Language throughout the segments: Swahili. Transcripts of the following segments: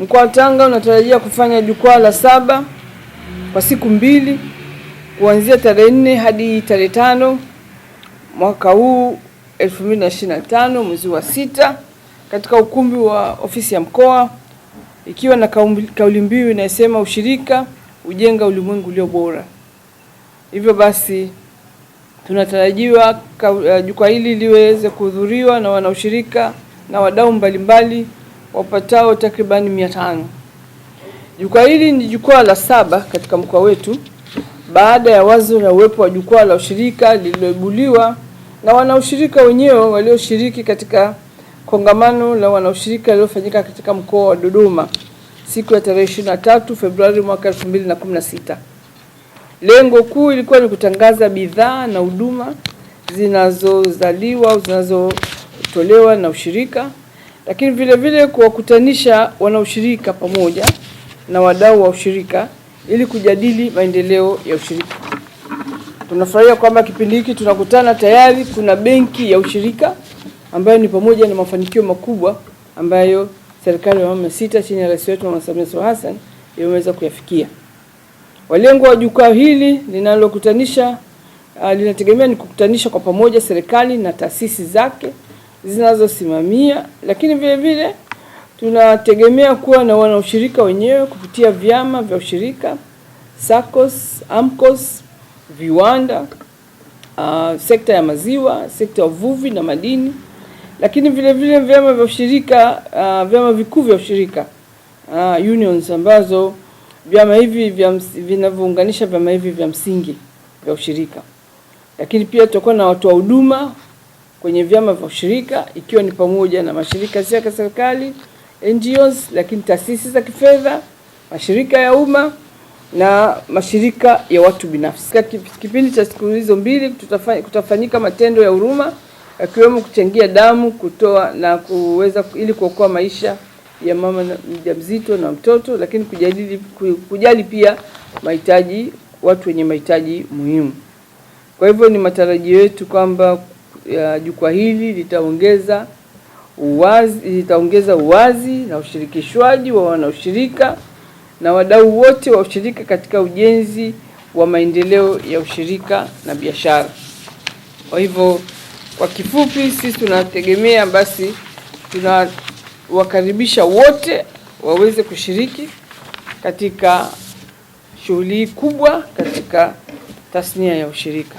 Mkoa wa Tanga unatarajia kufanya jukwaa la saba kwa siku mbili kuanzia tarehe nne hadi tarehe tano mwaka huu 2025 mwezi wa sita katika ukumbi wa ofisi ya mkoa ikiwa na kauli mbiu inayosema ushirika ujenga ulimwengu ulio bora. Hivyo basi tunatarajiwa eh, jukwaa hili liweze kuhudhuriwa na wanaushirika na wadau mbalimbali wapatao takribani mia tano. Jukwaa hili ni jukwaa la saba katika mkoa wetu baada ya wazo la uwepo wa jukwaa la ushirika lililoibuliwa na wanaushirika wenyewe walioshiriki katika kongamano la wanaushirika lililofanyika katika mkoa wa Dodoma siku ya tarehe 23 Februari mwaka 2016. Lengo kuu ilikuwa ni kutangaza bidhaa na huduma zinazozaliwa au zinazotolewa na ushirika lakini vile vile kuwakutanisha wanaushirika pamoja na wadau wa ushirika ili kujadili maendeleo ya ushirika. Tunafurahia kwamba kipindi hiki tunakutana tayari kuna benki ya ushirika ambayo ni pamoja na mafanikio makubwa ambayo serikali ya awamu ya sita chini ya rais wetu Mama Samia Suluhu Hassan imeweza kuyafikia. Walengo wa jukwaa hili linalokutanisha uh, linategemea ni kukutanisha kwa pamoja serikali na taasisi zake zinazosimamia, lakini vile vile tunategemea kuwa na wanaushirika wenyewe kupitia vyama vya ushirika SACCOS, AMCOS, viwanda, uh, sekta ya maziwa, sekta ya uvuvi na madini, lakini vile vile vyama vya ushirika uh, vyama vikuu vya ushirika uh, unions ambazo vyama hivi vinavyounganisha vyama hivi vya msingi vya ushirika, lakini pia tutakuwa na watu wa huduma kwenye vyama vya ushirika ikiwa ni pamoja na mashirika yasiyo ya serikali NGOs, lakini taasisi za kifedha, mashirika ya umma na mashirika ya watu binafsi. Katika kipindi cha siku hizo mbili kutafanyika matendo ya huruma akiwemo kuchangia damu, kutoa na kuweza ili kuokoa maisha ya mama mjamzito na mtoto, lakini kujadili, kujali pia mahitaji watu wenye mahitaji muhimu. Kwa hivyo ni matarajio yetu kwamba ya jukwaa hili litaongeza uwazi, litaongeza uwazi na ushirikishwaji wa wanaushirika na wadau wote wa ushirika katika ujenzi wa maendeleo ya ushirika na biashara. Kwa hivyo, kwa kifupi, sisi tunategemea basi, tunawakaribisha wote waweze kushiriki katika shughuli hii kubwa katika tasnia ya ushirika.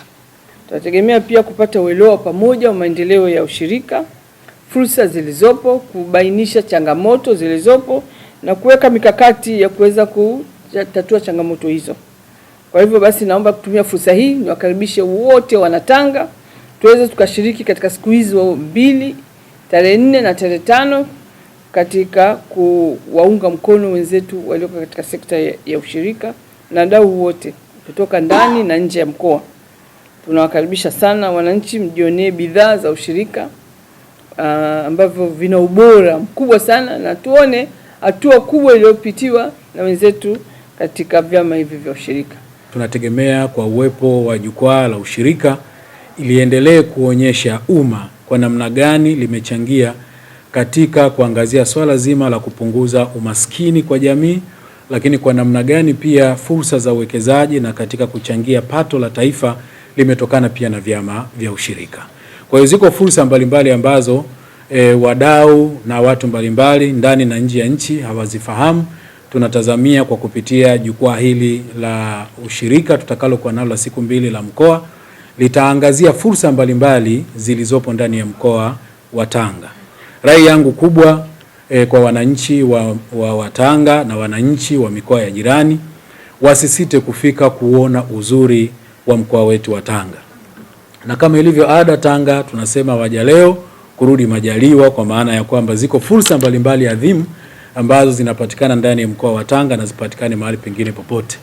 Tunategemea pia kupata uelewa pamoja wa maendeleo ya ushirika, fursa zilizopo, kubainisha changamoto zilizopo na kuweka mikakati ya kuweza kutatua changamoto hizo. Kwa hivyo basi, naomba kutumia fursa hii niwakaribishe wote Wanatanga tuweze tukashiriki katika siku hizo mbili, tarehe nne na tarehe tano katika kuwaunga mkono wenzetu walioko katika sekta ya ushirika na wadau wote kutoka ndani na nje ya mkoa. Tunawakaribisha sana wananchi mjionee bidhaa za ushirika uh, ambavyo vina ubora mkubwa sana na tuone hatua kubwa iliyopitiwa na wenzetu katika vyama hivi vya ushirika. Tunategemea kwa uwepo wa jukwaa la ushirika iliendelee kuonyesha umma kwa namna gani limechangia katika kuangazia swala zima la kupunguza umaskini kwa jamii, lakini kwa namna gani pia fursa za uwekezaji na katika kuchangia pato la taifa limetokana pia na vyama vya ushirika. Kwa hiyo ziko fursa mbalimbali ambazo e, wadau na watu mbalimbali ndani na nje ya nchi hawazifahamu. Tunatazamia kwa kupitia jukwaa hili la ushirika tutakalokuwa nalo la siku mbili la mkoa litaangazia fursa mbalimbali zilizopo ndani ya mkoa wa Tanga. Rai yangu kubwa e, kwa wananchi wa, wa, wa Tanga na wananchi wa mikoa ya jirani wasisite kufika kuona uzuri wa mkoa wetu wa Tanga. Na kama ilivyo ada, Tanga tunasema waja leo kurudi majaliwa, kwa maana ya kwamba ziko fursa mbalimbali adhimu ambazo zinapatikana ndani ya mkoa wa Tanga na zipatikane mahali pengine popote.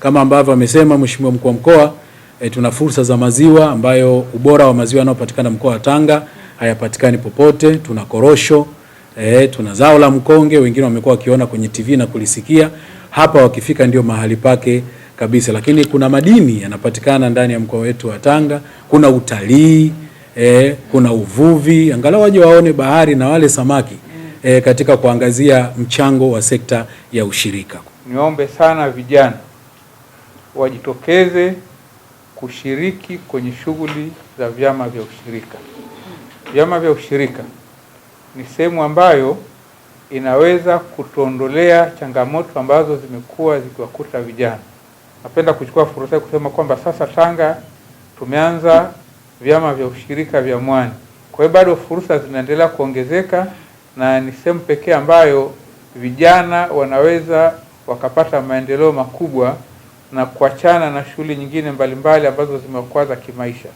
Kama ambavyo amesema Mheshimiwa mkuu wa mkoa e, tuna fursa za maziwa ambayo ubora wa maziwa yanayopatikana mkoa wa Tanga hayapatikani popote. Tuna korosho e, tuna zao la mkonge, wengine wamekuwa wakiona kwenye TV na kulisikia hapa, wakifika ndio mahali pake kabisa, lakini kuna madini yanapatikana ndani ya mkoa wetu wa Tanga, kuna utalii eh, kuna uvuvi, angalau waje waone bahari na wale samaki eh, katika kuangazia mchango wa sekta ya ushirika. Niombe sana vijana wajitokeze kushiriki kwenye shughuli za vyama vya ushirika. Vyama vya ushirika ni sehemu ambayo inaweza kutuondolea changamoto ambazo zimekuwa zikiwakuta vijana. Napenda kuchukua fursa hii kusema kwamba sasa Tanga tumeanza vyama vya ushirika vya mwani. Kwa hiyo bado fursa zinaendelea kuongezeka na ni sehemu pekee ambayo vijana wanaweza wakapata maendeleo makubwa na kuachana na shughuli nyingine mbalimbali ambazo zimekuwa za kimaisha.